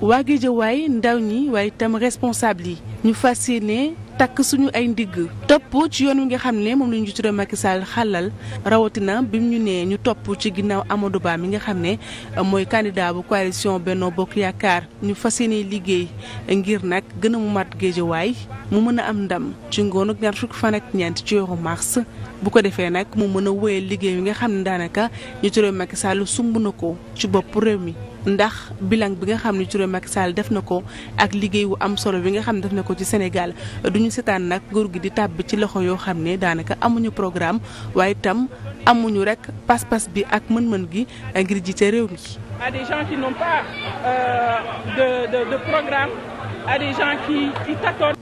aux waa Guédiawaye ndaw ñi waaye itam responsable yi ñu fa yéene takk suñu ay ndigg topp ci yoon wi nga xam ne moom la ñu tuddee xalal rawatina bi ñu nee ñu topp ci ginnaaw Amadou Ba mi nga xam ne mooy candidat bu coalition Benno Bokk Yaakaar ñu fa yéene liggéey ngir nag gën a mat Guédiawaye mu mën a am ndam ci ngoonu ñaar fukki fan ak ñeent ci yoru mars bu ko defee nag mu mën a wéyal liggéey bi nga xam ne daanaka ñu turee Macky Sall sumb na ko ci bopp réew mi. ndax bilan bi nga xam ne Touré Macky Sall def na ko ak liggéey wu am solo bi nga xam def na ko ci senegal du ñu seetaan nag nguur gi di tàbb ci loxo yoo xam ne daanaka amuñu programme waaye itam amuñu rekk pas-pas bi ak mën-mën gi ngir jiite réew mi. à euh, de, de de programme à des